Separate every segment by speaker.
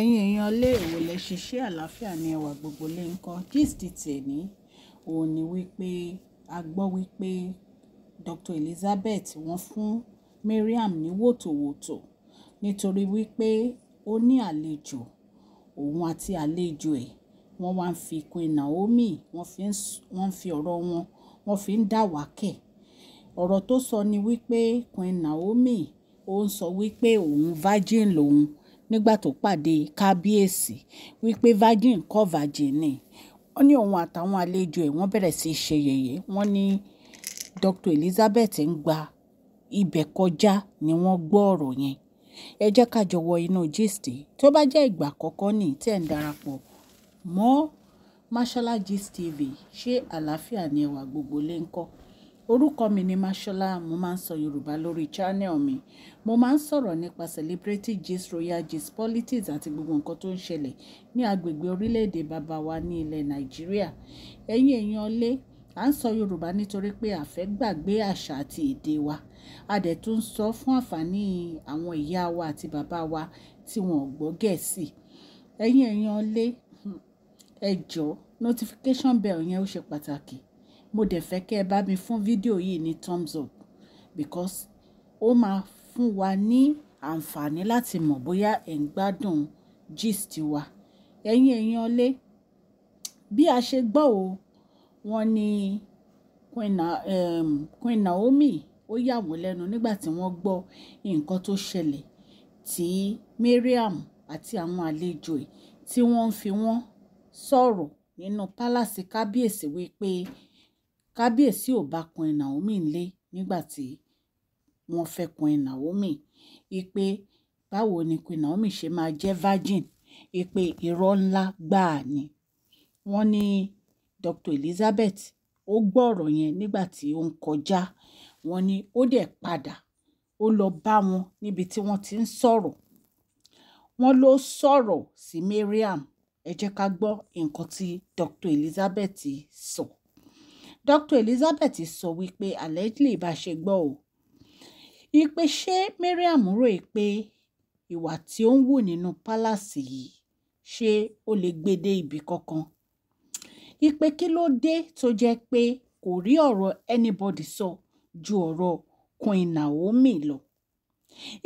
Speaker 1: ẹ̀yin èèyàn ilé èwo lẹ ṣiṣẹ́ àlàáfíà ní ẹwà gbogbo lè ń kọ́ gist tèmi òun ni wípé a gbọ́ wípé Dr Elizabeth wọ́n fún Mariam ní wòtòwòtò nítorí wípé ó ní àlejò òun àti àlejò ẹ̀ wọ́n wá ń fi Queen Naomi wọ́n fi ọ̀rọ̀ wọn wọ́n fi ń dàwákẹ̀ ọ̀rọ̀ tó sọ ni wípé Queen Naomi ó ń sọ wípé òun virgin lòun nígbà tó pàdé kábíyèsí wípé virgin kọ́ virgin ni wọ́n ní òun àtàwọn àlejò ẹ̀ wọ́n bẹ̀rẹ̀ sí í ṣe yẹ̀yẹ́ wọ́n ní Dr Elizabeth ń gba ibẹ̀ kọjá ni wọ́n gbọ́ ọ̀rọ̀ yẹn ẹ jẹ́ ká jọ wọ inú gist tó bá jẹ́ ìgbà àkọ́kọ́ ní tẹ̀ ń darapọ̀ mọ́ Mashola Gist TV ṣé àlàáfíà ni ẹwà gbogbo lè ń kọ́ orúkọ mi ni Mashola mo máa ń sọ Yorùbá lórí channel mi mo máa ń sọ̀rọ̀ nípa celebrity gist royal gist politics àti gbogbo nǹkan tó ń ṣẹlẹ̀ ní agbègbè orílẹ̀-èdè bàbá wa ní ilẹ̀ Nàìjíríà ẹ̀yin èèyàn lé à ń sọ Yorùbá nítorí pé a gbàgbé àṣà àti èdè wa a dẹ̀ tún sọ fún àǹfààní àwọn ìyá wa àti bàbá wa tí wọn gbọ́ Gẹ̀ẹ́sì ẹ̀yin èèyàn lé ẹ notification bell yẹn ó ṣe pàtàkì mo dẹ̀ fẹ́ kẹ́ ẹ bá mi fún fídíò yìí ní thumbs up because ó máa fún wa ní àǹfààní láti mọ̀ bóyá ẹ̀ ń gbádùn gist wa ẹ̀yin ẹ̀yin ọlé bí a ṣe gbọ́ o wọ́n ní ehm, Queen Naomi ó yà wọ́n lẹ́nu nígbà tí wọ́n gbọ́ nǹkan tó ṣẹlẹ̀ tí Mariam àti àwọn àlejò ẹ̀ tí wọ́n ń fi wọ́n sọ̀rọ̀ nínú pálásì kábíyèsí wípé kábíyèsí ò bá queen naomi lé nígbà tí wọ́n fẹ́ queen naomi ipe báwo ni queen naomi ṣe máa jẹ́ virgin ipe irọ́ ńlá gbáà ni wọ́n ní dr elizabeth ó gbọ́ ọ̀rọ̀ yẹn nígbà tí ó ń kọjá wọ́n ní ó dẹ̀ padà ó lọ bá wọn níbi tí wọ́n ti ń sọ̀rọ̀ wọ́n ló sọ̀rọ̀ sí Mariam ẹ jẹ́ ká gbọ́ nǹkan tí dr elizabeth sọ. So. Dr Elizabeth sọ wípé allegedly bá ṣe gbọ́ o ipe ṣé Mariam rò pé ìwà tí ó ń wù nínú pálásì yìí ṣé ó lè gbé dé ibì kankan ipe kí ló dé tó jẹ́ pé kò rí ọ̀rọ̀ anybody sọ ju ọ̀rọ̀ Queen Naomi lọ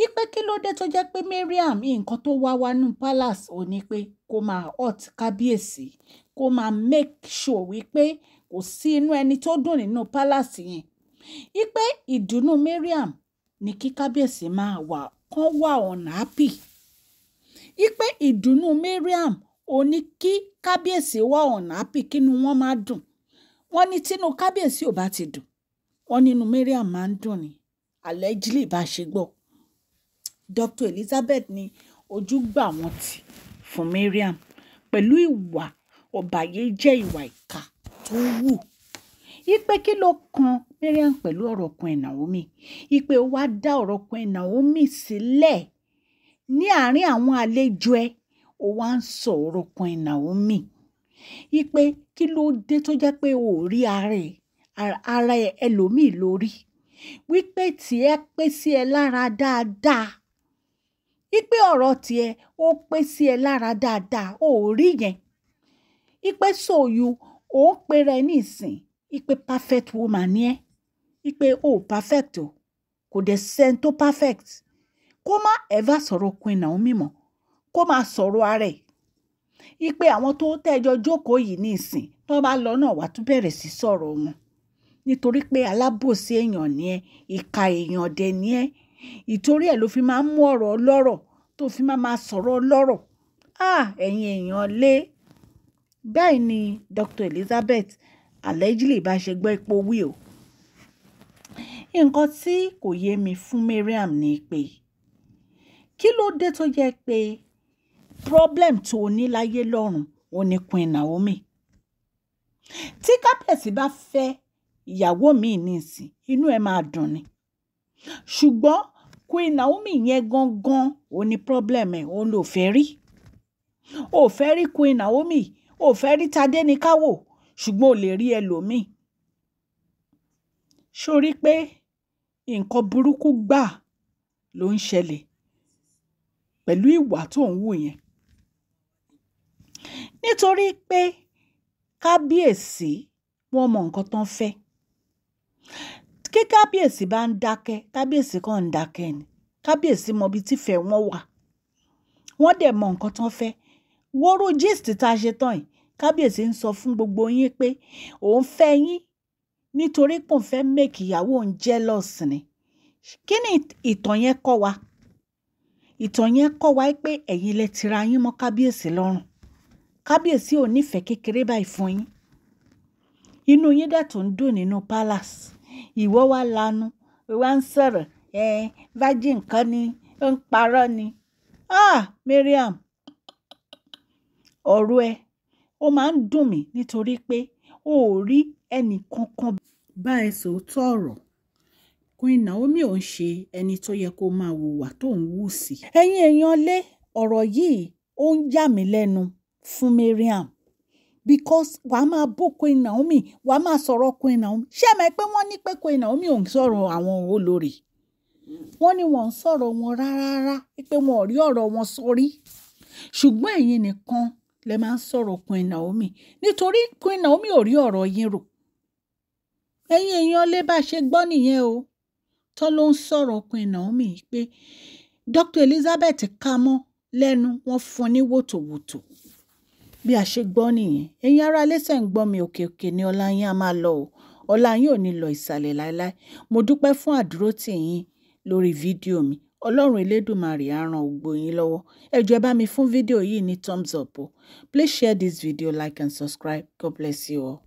Speaker 1: ipe kí ló dé tó jẹ́ pé Mariam nǹkan tó wá wá nínú palace ò ní pé kó máa hot kábíyèsí kó máa make sure wípé kò sí inú ẹni tó dùn nínú pálásì yẹn ipe ìdùnnú Mariam ní kí kábíyèsí máa wà kán wà ọ̀nà happy ipe ìdùnnú Mariam ò ní kí kábíyèsí wà ọ̀nà happy kínú wọn máa dùn wọ́n ní tínú kábíyèsí ò bá ti dùn wọ́n nínú Mariam máa ń dùn ní allegedly bá ṣe gbọ́ Dr Elizabeth ni ojú gbà wọ́n tì fún Mariam pẹ̀lú ìwà ọ̀bàyéjẹ́ ìwà ìka tó wù ipe kí ló kan Mariam pẹ̀lú ọ̀rọ̀ Queen Naomi ipe wa dá ọ̀rọ̀ Queen Naomi sílẹ̀ ní àárín àwọn àlejò ẹ ó wá ń sọ ọ̀rọ̀ Queen Naomi ipe kí ló dé tó jẹ́ pé o ò rí ara ẹ ara ẹlòmíì lórí wípé tí ẹ pé sí ẹ lára dáadáa ipe ọ̀rọ̀ tiẹ̀ ó pé sí ẹ lára dáadáa o ò rí yẹn ipe so you ó ń pera ẹ ní ipe perfect woman ni ẹ ipe o oh, perfect o kò dẹ̀ sẹ́ni tó perfect kó má ever sọ̀rọ̀ Queen Naomi mọ́ kó má sọ̀rọ̀ ara ẹ̀ ipe àwọn tó tẹ́jọ jókòó yìí ní ìsìn tó bá lọ náà wàá tún bẹ̀rẹ̀ sí sọ̀rọ̀ wọn nítorí pé alábòsí èèyàn ni ẹ ìka èèyàn dẹ ni ẹ ìtorí ẹ ló fi máa ń mú ọ̀rọ̀ ọlọ́rọ̀ tó fi máa máa sọ̀rọ̀ ọlọ́rọ̀ ah ẹ̀yin èèyàn lé bẹ́ẹ̀ ni dr elizabeth allegedly bá ṣe gbọ́ ipò will nǹkan tí kò yé mi fún mariam ni pé kí ló dé tó yẹ pé problem tó o ní láyé lọ́rùn o ní queen naomi tí kábíyèsí bá fẹ́ ìyàwó mi nísìn inú ẹ̀ máa dùn ni ṣùgbọ́n queen naomi yẹn gangan o ní problem ẹ̀ o lò fẹ́ rí o rí queen naomi ò fẹ́ rí tadé ní káwò ṣùgbọ́n ò lè rí ẹlòmíì sórí pé nǹkan burúkú gbáà ló ń ṣẹlẹ̀ pẹ̀lú ìwà tó ń wù yẹn nítorí pé kábíyèsí wọn mọ nǹkan tó ń fẹ́ kí kábíyèsí bá ń dákẹ́ kábíyèsí kàn ń dákẹ́ ni kábíyèsí mọ ibi tífẹ̀ẹ́ wọn wà wọ́n dẹ̀ mọ nǹkan tó ń wóró gist tá a ṣe tán yìí kábíyèsí ń sọ fún gbogbo yín pé òun fẹ́ yín nítorí pòun fẹ́ make ìyàwó òun jealous ni kí ni ìtàn yẹn kọ́ wa ìtàn yẹn kọ́ wa pé ẹ̀yin lẹ tira yín mọ́ kábíyèsí lọ́rùn kábíyèsí ò nífẹ̀ẹ́ kékeré báyìí fún yín inú yín dẹ̀ tó ń dùn nínú palace ìwọ wa lanu wa ń sọ̀rọ̀ ẹ̀ virgin kan ni ń parọ́ ni ah Mariam ọ̀rọ̀ ẹ ó máa ń dùn mí nítorí pé o ò rí ẹnì kankan bá ẹ sòótọ́ ọ̀rọ̀ Queen Naomi ò ń ṣe ẹni tó yẹ kó máa hùwà tó ń wù sí. ẹ̀yin èèyàn lé ọ̀rọ̀ yìí ó ń yà mí lẹ́nu fún Mariam because wàá máa bú Queen Naomi wàá máa sọ̀rọ̀ Queen Naomi ṣé ẹ mọ̀ pé wọ́n ní pé Queen Naomi ò ń sọ̀rọ̀ àwọn olórí wọ́n ní wọ́n ń sọ̀rọ̀ wọn rárá pé wọn ò rí ọ̀rọ̀ wọn sórí ṣùgbọ́n ẹ̀yin nìkan lẹ máa ń sọ̀rọ̀ Queen Naomi nítorí Queen Naomi ò rí ọ̀rọ̀ yín rò ẹ̀yin èèyàn lè bá ṣe gbọ́ nìyẹn o tọ́ ló ń sọ̀rọ̀ Queen Naomi pé Dr Elizabeth ká mọ́ lẹ́nu wọ́n fún ní wòtòwòtò bí a ṣe gbọ́ nìyẹn ẹ̀yin ará lẹ́sẹ̀ ń gbọ́ mi òkè òkè ni ọlá yín á máa lọ o ọlá yín ò ní lọ ìsàlẹ̀ láéláé mo dúpẹ́ fún àdúró tì yín lórí fídíò mi ọlọ́run elédùmarè á ran gbogbo yín lọ́wọ́ ẹ jọ̀ọ́ bá mi fún fídíò yìí ní thumbs up o please share this video like and subscribe god bless you all.